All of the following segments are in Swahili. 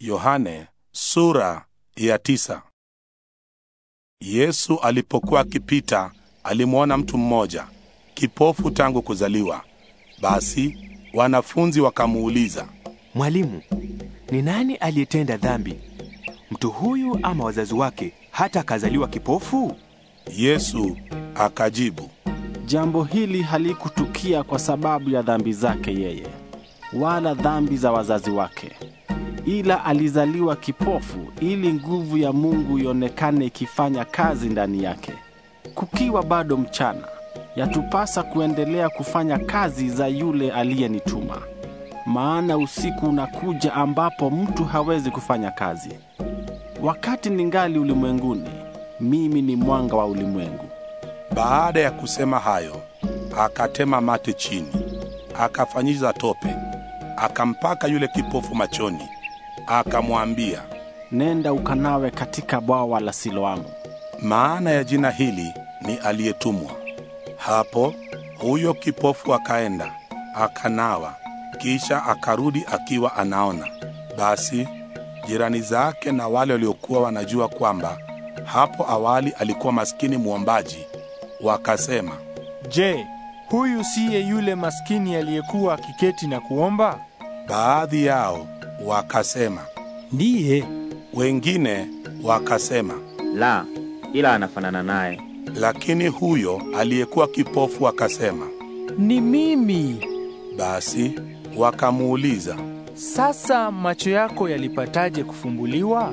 Yohane sura ya tisa. Yesu alipokuwa akipita alimwona mtu mmoja kipofu tangu kuzaliwa. Basi wanafunzi wakamuuliza, Mwalimu, ni nani aliyetenda dhambi, mtu huyu ama wazazi wake, hata akazaliwa kipofu? Yesu akajibu, jambo hili halikutukia kwa sababu ya dhambi zake yeye, wala dhambi za wazazi wake ila alizaliwa kipofu ili nguvu ya Mungu ionekane ikifanya kazi ndani yake. Kukiwa bado mchana, yatupasa kuendelea kufanya kazi za yule aliyenituma, maana usiku unakuja ambapo mtu hawezi kufanya kazi. Wakati ningali ulimwenguni, mimi ni mwanga wa ulimwengu. Baada ya kusema hayo, akatema mate chini, akafanyiza tope, akampaka yule kipofu machoni akamwambia, nenda ukanawe katika bwawa la Siloamu. Maana ya jina hili ni aliyetumwa. Hapo huyo kipofu akaenda akanawa, kisha akarudi akiwa anaona. Basi jirani zake na wale waliokuwa wanajua kwamba hapo awali alikuwa maskini mwombaji wakasema, je, huyu siye yule maskini aliyekuwa akiketi na kuomba? Baadhi yao wakasema ndiye. Wengine wakasema la, ila anafanana naye. Lakini huyo aliyekuwa kipofu akasema ni mimi. Basi wakamuuliza, sasa macho yako yalipataje kufumbuliwa?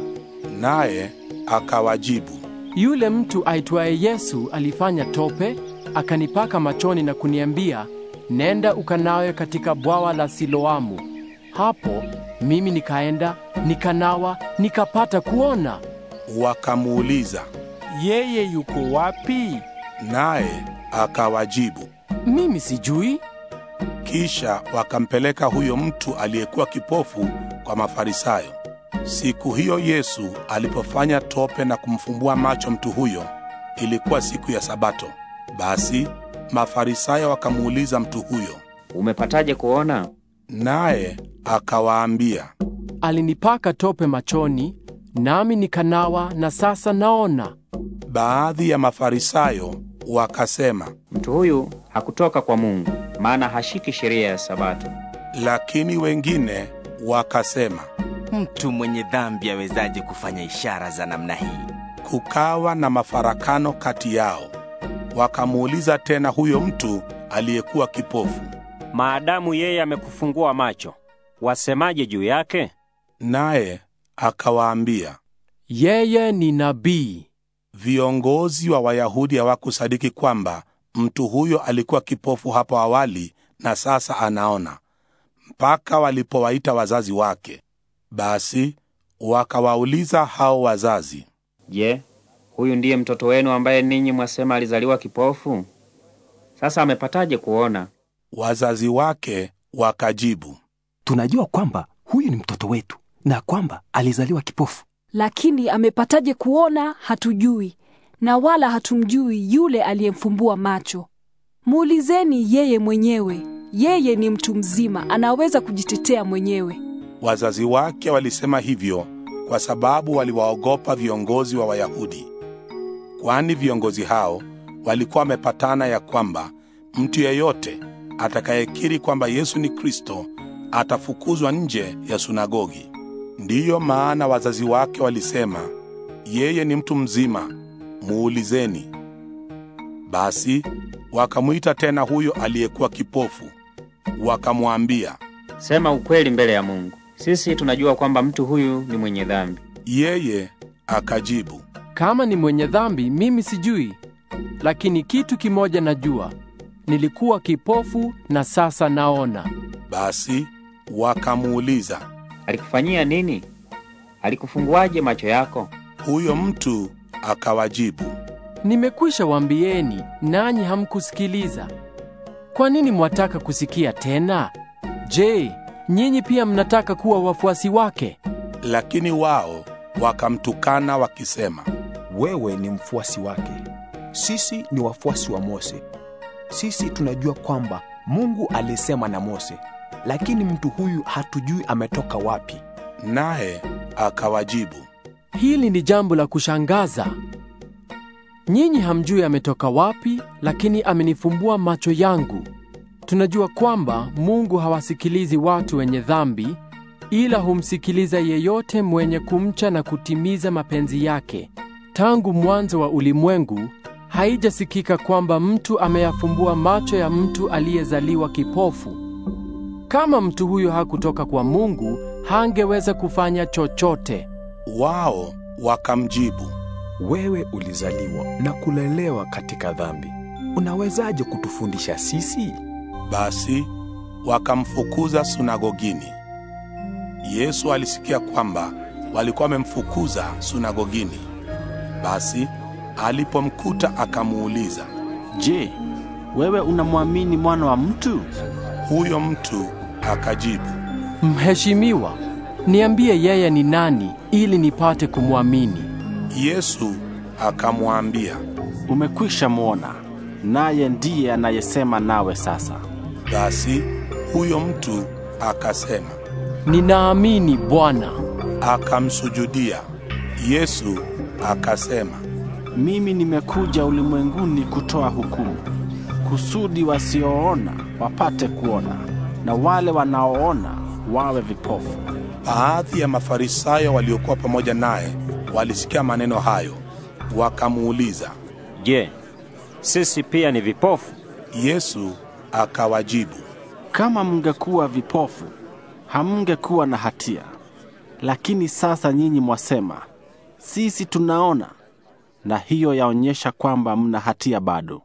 Naye akawajibu, yule mtu aitwaye Yesu alifanya tope akanipaka machoni na kuniambia, nenda ukanawe katika bwawa la Siloamu. Hapo mimi nikaenda nikanawa, nikapata kuona. Wakamuuliza, yeye yuko wapi? Naye akawajibu, mimi sijui. Kisha wakampeleka huyo mtu aliyekuwa kipofu kwa Mafarisayo. Siku hiyo Yesu alipofanya tope na kumfumbua macho mtu huyo, ilikuwa siku ya Sabato. Basi Mafarisayo wakamuuliza mtu huyo, umepataje kuona? Naye akawaambia, alinipaka tope machoni, nami nikanawa, na sasa naona. Baadhi ya Mafarisayo wakasema, mtu huyu hakutoka kwa Mungu, maana hashiki sheria ya Sabato. Lakini wengine wakasema, mtu mwenye dhambi awezaje kufanya ishara za namna hii? Kukawa na mafarakano kati yao. Wakamuuliza tena huyo mtu aliyekuwa kipofu, maadamu yeye amekufungua macho, wasemaje juu yake? Naye akawaambia, yeye ni nabii. Viongozi wa Wayahudi hawakusadiki kwamba mtu huyo alikuwa kipofu hapo awali na sasa anaona, mpaka walipowaita wazazi wake. Basi wakawauliza hao wazazi, Je, huyu ndiye mtoto wenu ambaye ninyi mwasema alizaliwa kipofu? Sasa amepataje kuona? Wazazi wake wakajibu, tunajua kwamba huyu ni mtoto wetu na kwamba alizaliwa kipofu, lakini amepataje kuona hatujui, na wala hatumjui yule aliyemfumbua macho. Muulizeni yeye mwenyewe, yeye ni mtu mzima, anaweza kujitetea mwenyewe. Wazazi wake walisema hivyo kwa sababu waliwaogopa viongozi wa Wayahudi, kwani viongozi hao walikuwa wamepatana ya kwamba mtu yeyote atakayekiri kwamba Yesu ni Kristo atafukuzwa nje ya sunagogi. Ndiyo maana wazazi wake walisema, yeye ni mtu mzima, muulizeni. Basi wakamwita tena huyo aliyekuwa kipofu, wakamwambia, sema ukweli mbele ya Mungu, sisi tunajua kwamba mtu huyu ni mwenye dhambi. Yeye akajibu, kama ni mwenye dhambi mimi sijui, lakini kitu kimoja najua nilikuwa kipofu na sasa naona. Basi wakamuuliza, alikufanyia nini? Alikufunguaje macho yako? Huyo mtu akawajibu, nimekwisha waambieni nanyi hamkusikiliza. Kwa nini mwataka kusikia tena? Je, nyinyi pia mnataka kuwa wafuasi wake? Lakini wao wakamtukana wakisema, wewe ni mfuasi wake, sisi ni wafuasi wa Mose. Sisi tunajua kwamba Mungu alisema na Mose, lakini mtu huyu hatujui ametoka wapi. Naye akawajibu, hili ni jambo la kushangaza. Nyinyi hamjui ametoka wapi, lakini amenifumbua macho yangu. Tunajua kwamba Mungu hawasikilizi watu wenye dhambi, ila humsikiliza yeyote mwenye kumcha na kutimiza mapenzi yake. Tangu mwanzo wa ulimwengu haijasikika kwamba mtu ameyafumbua macho ya mtu aliyezaliwa kipofu. Kama mtu huyo hakutoka kwa Mungu, hangeweza kufanya chochote. Wao wakamjibu, wewe ulizaliwa na kulelewa katika dhambi, unawezaje kutufundisha sisi? Basi wakamfukuza sunagogini. Yesu alisikia kwamba walikuwa wamemfukuza sunagogini. Basi Alipomkuta akamuuliza, Je, wewe unamwamini mwana wa mtu? Huyo mtu akajibu, Mheshimiwa, niambie yeye ni nani ili nipate kumwamini. Yesu akamwambia, Umekwisha mwona, naye ndiye anayesema nawe sasa. Basi huyo mtu akasema, Ninaamini Bwana. Akamsujudia. Yesu akasema mimi nimekuja ulimwenguni kutoa hukumu, kusudi wasioona wapate kuona na wale wanaoona wawe vipofu. Baadhi ya Mafarisayo waliokuwa pamoja naye walisikia maneno hayo, wakamuuliza, Je, sisi pia ni vipofu? Yesu akawajibu, kama mngekuwa vipofu hamngekuwa na hatia, lakini sasa nyinyi mwasema sisi tunaona na hiyo yaonyesha kwamba mna hatia bado.